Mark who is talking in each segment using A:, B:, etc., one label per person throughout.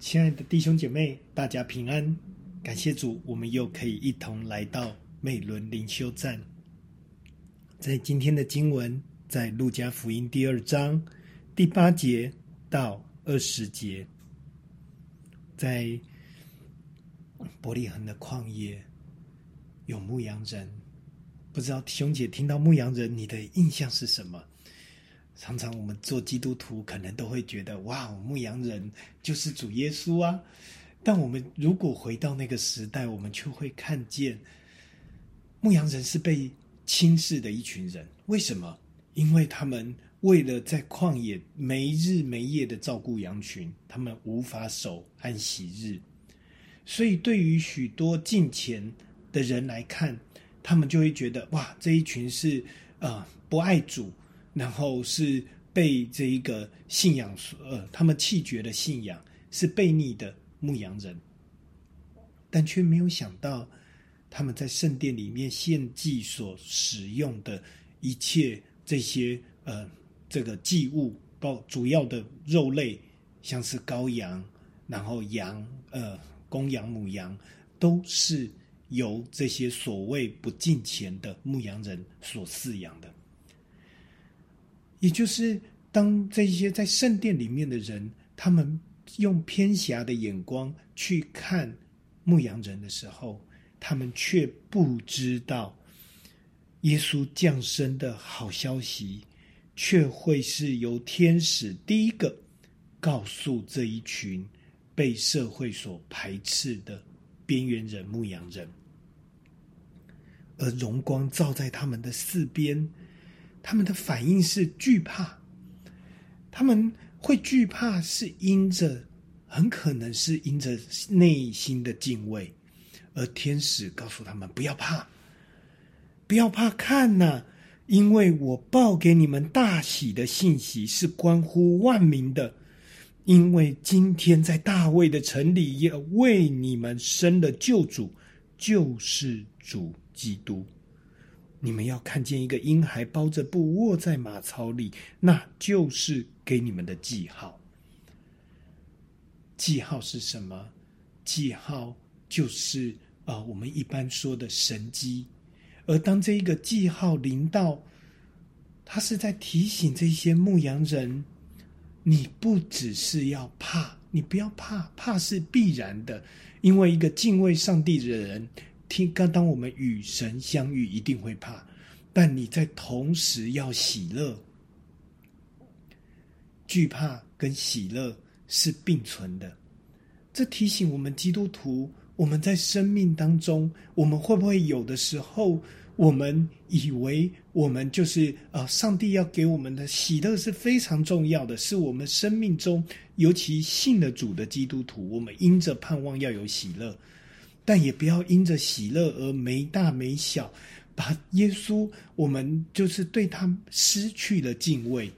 A: 親愛的弟兄姐妹，大家平安！感謝主，我們又可以一同來到美倫靈修站。在今天的經文，在路加福音第二章第八節到二十節，在伯利恆的曠野有牧羊人。不知道弟兄姐聽到牧羊人，你的印象是什麼？常常我們做基督徒，可能都會覺得哇，牧羊人就是主耶穌啊。但我們如果回到那個時代，我們就會看見，牧羊人是被輕視的一群人。為什麼？因為他們為了在曠野沒日沒夜的照顧羊群，他們無法守安息日。所以，對於許多敬虔的人來看，他們就會覺得哇，這一群是啊、呃，不愛主。然後是被這一個信仰，呃，他們棄絕的信仰，是悖逆的牧羊人，但卻沒有想到，他們在聖殿裡面獻祭所使用的，一切這些，呃，這個祭物，包括主要的肉類，像是羔羊，然後羊，呃，公羊、母羊，都是由這些所謂不敬虔的牧羊人所飼養的。也就是，當這些在聖殿裡面的人，他們用偏狹的眼光去看牧羊人的時候，他們卻不知道，耶穌降生的好消息，卻會是由天使第一個告訴這一群被社會所排斥的邊緣人牧羊人，而榮光照在他們的四邊。他們的反應是懼怕，他們會懼怕，是因着很可能是因着內心的敬畏，而天使告訴他們不要怕，不要怕看吶、啊，因為我報給你們大喜的信息是關乎萬民的，因為今天在大衛的城裡，也為你們生了救主，救、就、世、是、主基督。你們要看見一個嬰孩包着布，臥在馬槽裡，那就是給你們的記號。記號是什麼？記號就是啊、呃，我們一般說的神蹟。而當這一個記號臨到，它是在提醒這些牧羊人，你不只是要怕，你不要怕，怕是必然的，因為一個敬畏上帝的人。聽，剛當我們與神相遇，一定會怕；但你在同時要喜樂，懼怕跟喜樂是並存的。這提醒我們，基督徒，我們在生命當中，我們會不會有的時候，我們以為我們就是啊、呃，上帝要給我們的喜樂是非常重要的，是我們生命中，尤其信了主的基督徒，我們因着盼望要有喜樂。但也不要因着喜樂而沒大沒小，把耶穌我們就是對他失去了敬畏，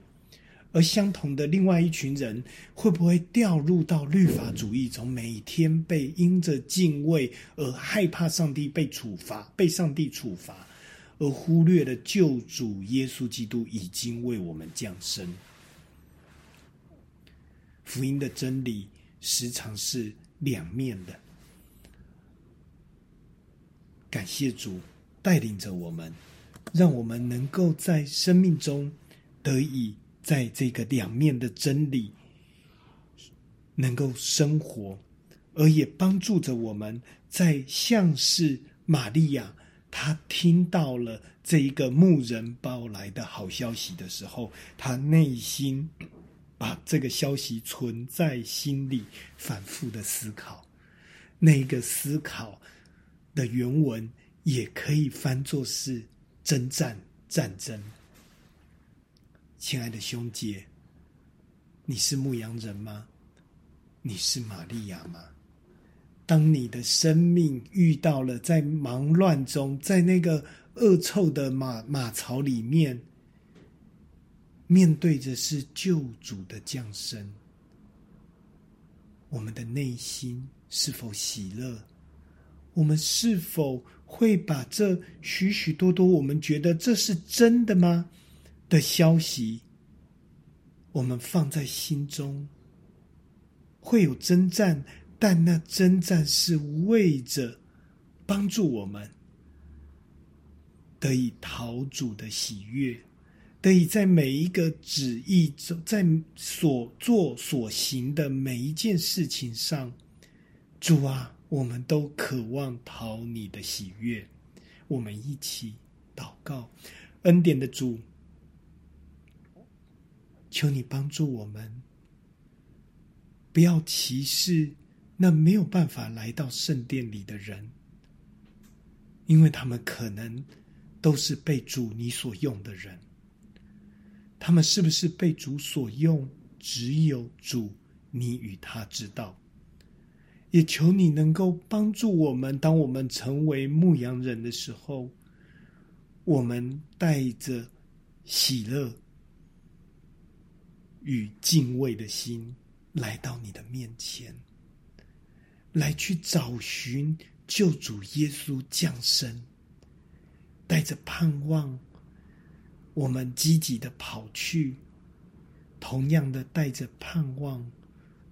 A: 而相同的另外一群人會不會掉入到律法主義中，每天被因着敬畏而害怕上帝被處罰，被上帝處罰，而忽略了救主耶穌基督已經為我們降生。福音的真理時常是兩面的。感謝主帶領着我們，讓我們能夠在生命中得以在這個兩面的真理能夠生活，而也幫助着我們，在像是瑪利亞，她聽到了這一個牧人報來的好消息的時候，她內心把這個消息存在心裡，反覆的思考，那一個思考的原文也可以翻作是征戰戰爭。親愛的兄姐，你是牧羊人嗎？你是瑪利亞嗎？當你的生命遇到了在忙亂中，在那個惡臭的馬馬槽裡面，面對着是救主的降生，我們的內心是否喜樂？我們是否會把這許許多多我們覺得這是真的嗎的消息，我們放在心中？會有征戰，但那征戰是為着幫助我們得以討主的喜悅，得以在每一個旨意在所做所行的每一件事情上，主啊。我們都渴望討你的喜悅，我們一起禱告。恩典的主，求你幫助我們，不要歧視那沒有辦法來到聖殿裡的人，因為他們可能都是被主你所用的人。他們是不是被主所用，只有主你與他知道。也求你能夠幫助我們，當我們成為牧羊人的時候，我們帶着喜樂與敬畏的心來到你的面前，來去找尋救主耶穌降生，帶着盼望，我們積極的跑去，同樣的帶着盼望，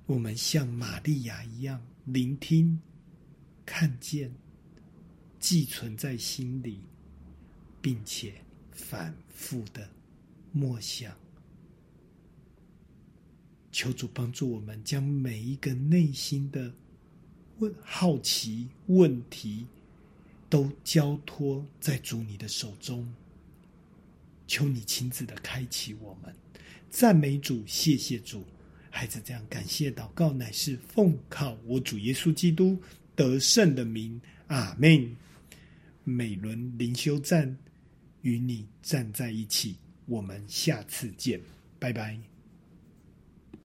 A: 我們像瑪利亞一樣。聆聽、看見、寄存在心裡，並且反覆的默想，求主幫助我們將每一個內心的問、好奇、問題都交托在主你的手中。求你親自的開啟我們，讚美主，謝謝主。還是這樣，感謝禱告，乃是奉靠我主耶穌基督得勝的名，阿門。每輪靈修站與你站在一起，我們下次見，拜拜。